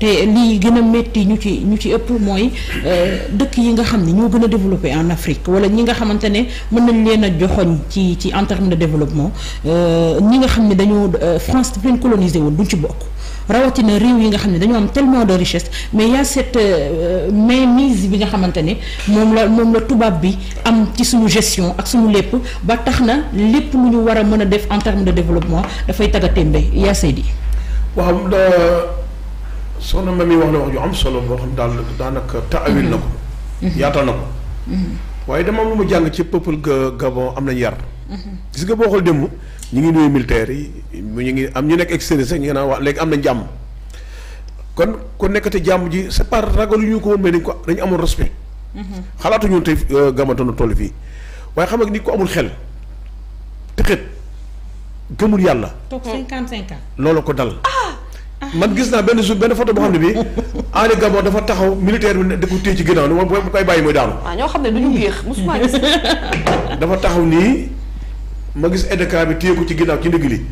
te lii gën a métti ñu ci ñu ci ëpp mooy euh, dëkk yi nga xam ne ñoo gën a développé en Afrique wala ñi nga xamante ne mën nañ leen a joxoñ ci ci en terme de développement euh, ñi nga xam ne dañoo euh, France daf leen colonisé woon duñ ci bokk rawatina réew yi nga xam ne dañoo am tellement de richesse mais y a cette mainmise bi nga xamante ne moom la moom la tubaab bi am ci suñu gestion ak suñu lépp ba tax na lépp lu ñu war a mën a def en terme de développement dafay taggatémbe yaa Seydi waaw soxna Mamy wax na wax ju am solo boo xam daal daanaka taawil na ko. Mhm. yaatal na ko. Mhm. waaye dama am lu ma jàng ci peuple Gabon am nañ yar. Mhm. gis nga boo xool démb ñu ngi nuyu militaires yi ñu ngi am ñu nekk extérieur sax ñu ngi naan waa léegi am na jàmm. kon ku nekkati jàmm ji c'est pas ñu ko woon mais ko dañu amoon respect. xalaatuñu tey euh, gamante na toll fii waaye xam nga nit ko amul xel te gëmul yàlla. toog cinquante cinq loolu ko dal. Ah, man gis naa benn jour benn photo boo xam ne bii Ali Gabon dafa taxaw militaire bi da ko téye ci ginnaaw moom bu koy bàyyi mooy daanu. waaw ah, ñoo xam ne du ñu géex mosuma gis. dafa taxaw nii ma gis EDK bi téye ko ci ginnaaw ci ndigli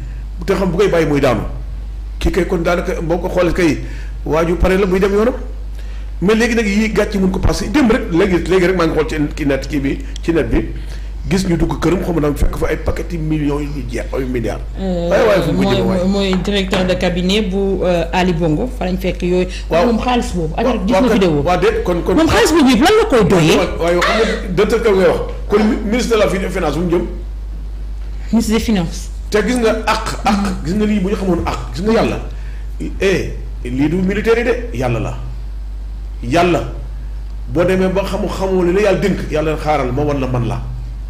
te xam bu koy bàyyi mooy daanu ki kay kon daanaka boo ko xoolee kay waaju pare la muy dem yoonam mais léegi nag yii gàcce mun ko passé dem rek léegi léegi rek maa ngi xool ci kii net kii bi ci net bi. gis ñu dugg këram xaw ma fekk fa ay paquet yi yu ñu jeex ay euh, mooy mooy directeur de cabinet bu euh, Ali Bongo fa xaalis boobu. waaw waaw gis nga vidéo kon kon moom xaalis boobu yëpp lan la koy doyee. waaye xam nga de la finance bu mu jëm. gis nga àq àq mm-hmm. gis nga lii bu ñu xamoon àq gis nga yàlla eh, lii du militaire de yàlla la yàlla boo demee ba xamu xamoo li la yàlla dénk yàlla xaaral ma wan la man la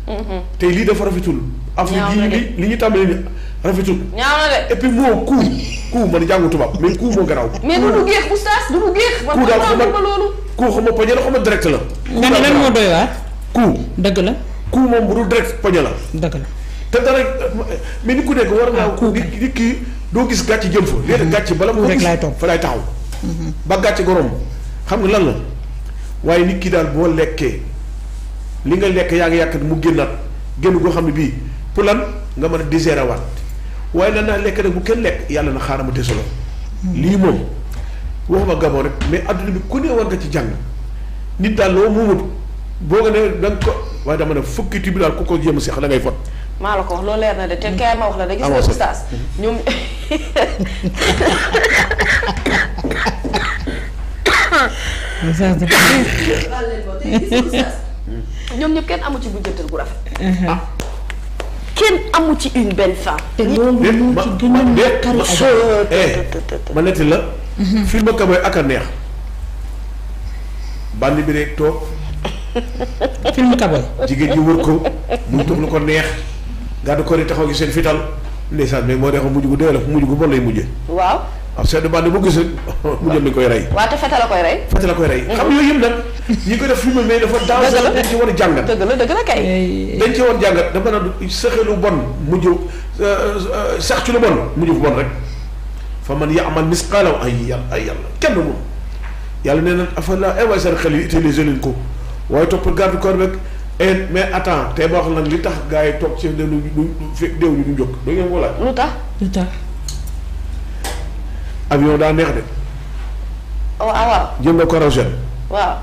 Mm-hmm. te lii dafa rafetul. ñaaw na de Afrique li ñu tàmbalee rafetul. ñaaw na de et puis moo kuu kuu man jàngu tubaab mais kuu moo garaaw. mais du du géex oustaz du du géex. kuu daal xam nga loolu. kuu la xam nga direct la. nga ne lan moo doy waar. kuu dëgg la. kuu moom bu dul direct poñe la. dëgg la te dara mais ni ku nekk war naa ah, kuu nit nit doo gis gàcce jëm fa. léegi mm-hmm. gàcc bala moo gis fa lay taxaw. Mm-hmm. ba gàcce gorom xam nga lan la waaye nit ki daal boo lekkee li nga lekk yaa ngi yàkkat mu génnaat génn goo xam ne bii pour lan nga mën a digéré waat waaye lan naa lekk nag bu kenn lekk yàlla na xaaral ma desuloo. lii moom waxuma Gabon rek mais àdduna bi ku ne war nga ci jàng nit daal loo moomut boo nga ne da ko waaye dama ne fukki tibb ku ko jéem a seex da fot. maa la ko wax loolu leer na de te mm-hmm. kaay ma wax la de. gis nga oustaz mm-hmm. ñoom ñëpp kenn amu ci bu jëntal gu rafet. Mhm. Ah. kenn amu ci une belle femme. te ma netti la. Mhm. film ka mooy ak a neex. bandi bi rek toog. film kaboy. jigéen ñi wër ko mu toog lu ko neex. gàddu ko di taxaw gi seen fital ndeysaan mais moo neexoon mujj gu dee la mujj gu bon lay mujjee. waaw. waaw seetlu bande bu gis rek mu jëm ni koy rey. waaw te fete koy rey. fete la koy rey xam yooyu yëpp nag ñi ko def filmé mais dafa daaw sax dañ ci war a jàngat dëgg la dëgg la kay dañ ci war a jàngat dafa naan sëxe lu bon mujj sax ci lu bon mujj fu bon rek fa man yaamal misqaala ay yàlla ay yàlla kenn moom yàlla nee na afala évoqué seen xel yi utiliser leen ko waaye topp garde corps rek et mais attent tey boo xam nag li tax gaa yi toog ci lu lu déew ñu du jóg doo ngeen laaj lu tax lu tax avion daa neex de. oh ah waaw.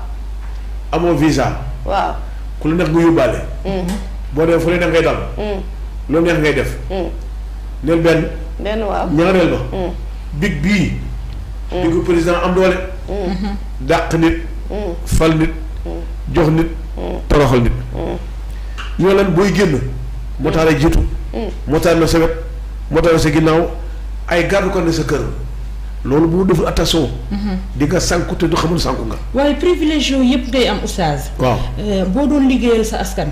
amoo visa. waaw ku la neex nga yóbbaale. Mm-hmm. boo dee fu la neex dal. Mm. lu neex ngay def. Mm. neel benn. benn waaw mm. big bii. di ko président am doole. Mm-hmm. dàq nit. fal nit. jox nit. toroxal nit. ñoo leen booy génn. motaar a jiitu. motaar na sa wet motaar na sa ginnaaw ay gardu ko ne sa kër. loolu bu deful attention. Mhm. di nga sànku te du xamul sànku nga. waaye privilège yooyu yëpp ngay am oustaz. waaw euh, boo doon liggéeyal sa askan.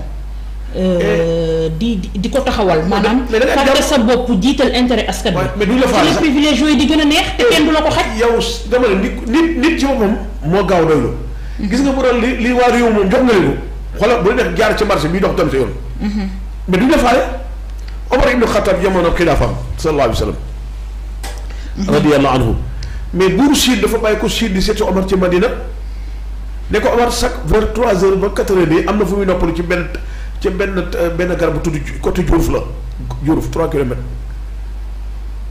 Euh, eh. di di ko taxawal. maanaam fàtte sa bopp jiital intérêt askan bi. mais du la faale sax privilège yooyu di gën a neex. te kenn du ko xaj. yow dama ne nit nit ci moom moo gaaw doylu mhm. gis nga bu doon li li waa réew moom jox nga leen ko. jaar ci marché bii dox dem sa yoon. Mhm. mais du la faale Omar ibn Khattab jamono xilaafaam sallallahu alayhi wa sallam radiyallahu anhu mais buuru Chine dafa bàyyi ko Chine di seeti Omar ci Madina ne ko Omar chaque vers trois heures ba quatre heures nii am na fu muy noppalu ci benn ci benn garab bu tudd côté Djolof la Djolof trois kilomètres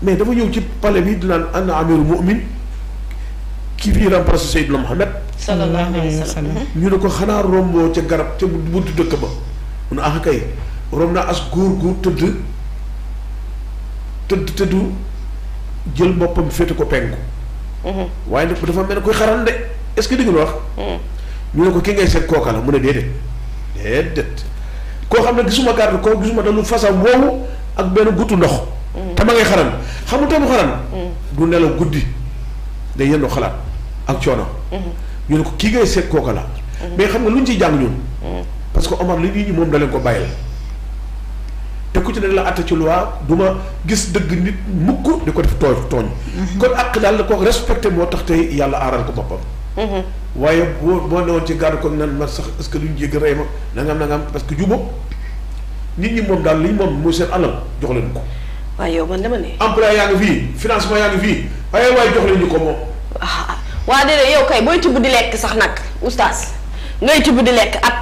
mais dafa ñëw ci palais bi di naan ana amiru mu'min ki fii remplacé Seydina Mohamed. sallallahu alayhi wa sallam ñu ne ko xanaa romboo ca garab ca bu dëkk ba mu ne ah kay romb naa as góor góor tëdd tëdd tëddu. jël boppam féete ko penku. Mhm. waaye nag dafa mel ne kuy xaran de est-ce que di nga wax. Mhm. ñu ne ko ki ngay seet kooka la mu ne déedéet déedéet koo xam ne gisuma carte koo gisuma dalu façon woowu ak benn guttu ndox. Mhm. te ma ngay xaran xamul te mu xaran. du nelaw guddi day yendu xalaat ak coono. ñu ne ko ki ngay seet kooka la. mais xam lu luñ ciy jàng ñun. parce que Omar li nit ñi moom da leen ko bàyyil. te ku ci ne la atta ci loi du ma gis dëgg nit mukk di ko def tooñ tooñ mhm. kon àq daal da ko respecté moo tax tey yàlla aaral ko boppam mhm. waaye boo boo woon ci garde ko nan man sax est que lu ñu jégg rey ma nangam nangam parce que jubóo nit ñi moom daal li ñu moom muy seen alal jox leen ko waaye yow man dama ne emploi yaa ngi fii financement yaa ngi fii waaye waaye jox leen ñu ko moom ah, waa déedéet yow kay booy tibb di lekk sax nag oustaz ngay tibb di lekk at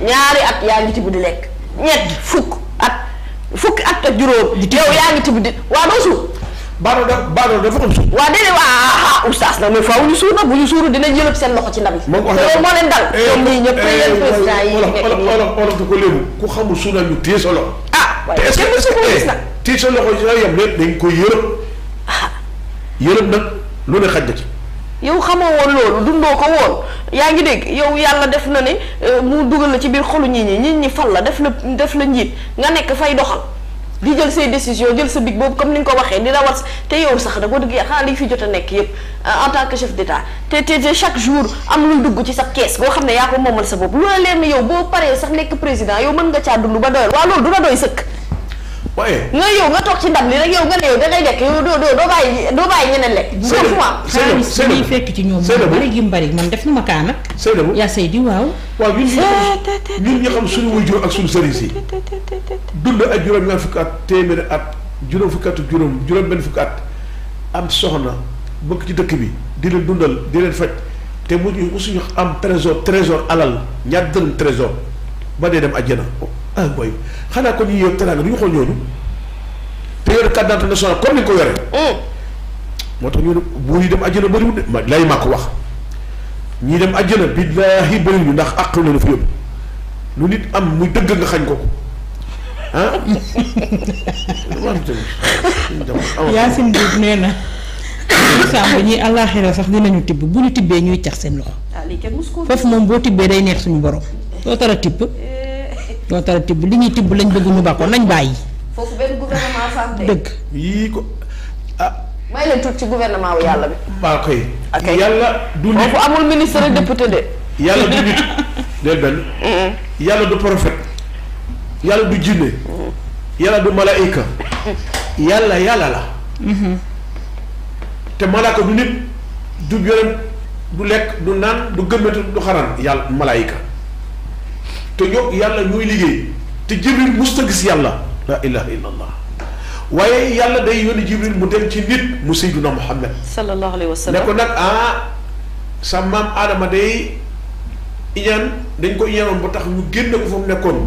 ñaari at yaa ngi tibb di lekk ñett fukk ak fukk ak ak ju yow yaa ngi tibb di waa doo suur. Baado da Baado dafa am suur. waa déedéet waa oustaz ah, ah, na mais faaw ñu suur nag bu ñu suuru dinañ jëlëb seen loxo ci ndab yi. moom wax dëgg moo leen dal. Eh, ñoom ñii ñëpp ko léegi ku xamul suuna ñu téye sa loxo. ah waaye kenn ku suur eh, gis nag te loxo yi yem leen dañ koy yërëb. Ah. yërëb nag lu ne xaj na ci. yow xamoo woon loolu dundoo ko woon yaa ngi dégg yow yàlla def na ne euh, mu dugal la ci biir xolu ñii ñi nit ñi fal la def la def la njiit nga nekk fay doxal di jël say décision jël sa big boobu comme ni nga ko waxee di rawat te yow sax da ko dëgg yàlla xanaa li fi jot a nekk yépp euh, en tant que chef d'état te te chaque jour am luy dugg ci sa kees boo xam ne yaa ko moomal sa bopp lu la yow boo paree sax nekk président yow mën nga caa dund ba doyal waaw loolu du la doy sëkk waaye nga yow nga toog ci ndab li rek yow nga ne yow dangay lekk doo doo doo bàyyi doo bàyyi ñeneen lekk. Seydou Seydou fekk ci ñoom. Seydou bari gi mbari na ma kaa nag. Seydou yaa Seydi waaw. waaw ñun ñi xam ak suñu sëriñ si dund ak juróom-ñaar fukki at at juróom fukki at juróom juróom-benn fukki at am soxna bëgg ci dëkk bi di leen dundal di leen faj te mu ñu suñu am trésor trésor alal ñaar dërëm trésor ba dee dem àjjana ah ko xanaa kon ñi yor teraanga du ñu xool ñooñu te yor carte d'identité nationale ni ko yore. Hmm. moo tax ñu dem àjjana bëriwul de ma lay ma ko wax ñii dem àjjana billaahi bëriwul ndax àq la fi yóbbu lu nit am muy dëgg nga xañ ko ko ah. Yacine Diouf nee na. sàmm ñi àllaaxira sax dinañu tibb bu ñu tibbee ñuy cax seen loxo. Ah, foofu moom boo tibbee day neex suñu borom. soo tara tibb. Eh. ñoo tara tibb li ñuy tibb lañ bëgg ñu ba ko nañ bàyyi. foofu benn gouvernement femme de. dëgg yii ko ah. may leen toog ci gouvernement yàlla bi. waaw koy ak yàlla du nit foofu amul ministre député de. yàlla du nit. del benn. yàlla du prophète. yàlla du jinne. yàlla malaayika. yàlla yàlla la. Mm-hmm. te malaaka du nit du yonent du lekk du naan du gëmmatu du xaran yàlla malaayika. te ñoo yàlla ñooy liggéey te jibril musta gis yàlla la ilaha illa allah waaye yàlla day yónni jibril mu dem ci nit mu sayduna muhammad sallallahu alayhi wa sallam ne ko nag ah sa maam aadama day iñaan dañ ko iñaanoon bu tax ñu génne ko fa mu nekkoon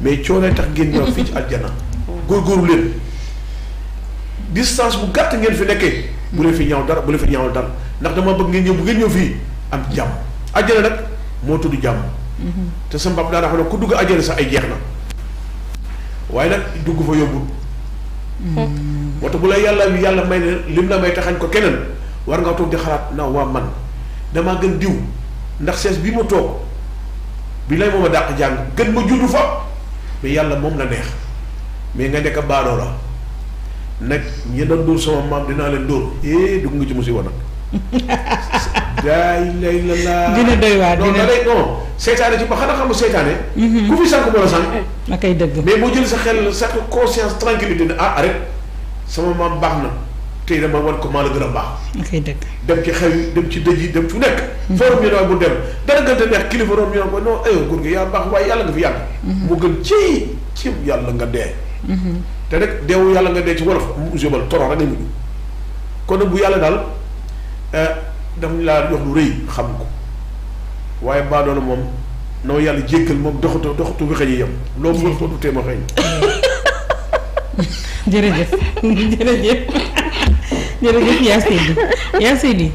mais coonee tax ngeen ñëw fii ci aljana góorgóorlu leen distance bu gàtt ngeen fi nekkee bu leen fi ñaaw dara bu leen fi ñaawal dara ndax dama bëgg ngeen ñëw bu ngeen ñëw fii am jàmm aljana nag moo tudd jàmm te sa mbab daanaka nag ku dugg àjjana sax ay jeex na waaye nag dugg fa yóbbul hmm. moo tax bu la yàlla yàlla may ne lim na may taxañ ko keneen war nga toog di xalaat na waa man damaa gën diw ndax sees bi ma toog bi lay moom a dàq jàng gën ma juddu fa mais yàlla moom na neex mais nga nekk baadoo la nag ñi doon dóor sama maam dinaa leen dóor eh, dugg nga ci musiba nag daay lay la laa. dina doy waar dina non non non seetaane ci ba xanaa xam nga seetaane. Mhm. ku fi sànq moo la sànq. na koy dëgg. mais boo jël sa xel sa conscience tranquillité ne ah arrête sama maam baax na tey dama wan ko maa la gën a baax. ma koy dëgg. dem ci xew yi dem ci dëj yi dem fu nekk. Mhm. forum ñu naan mu dem dara gën a neex kilifa baax waaye yàlla nga fi yàgg. Mhm. mu gën ci ci yàlla nga dee. te rek deewu yàlla nga dee ci wolof mu jëmal toro rek nga ñu kon bu yàlla daal. Eh, dam laa jox lu rëy xam ko waaye baadoona moom noo yàlla jéggal moom doxatu doxatu bi xëy yam loolu moom ko du téema xëy jërëjëf jërëjëf jërëjëf yaa Seydi yaa Seydi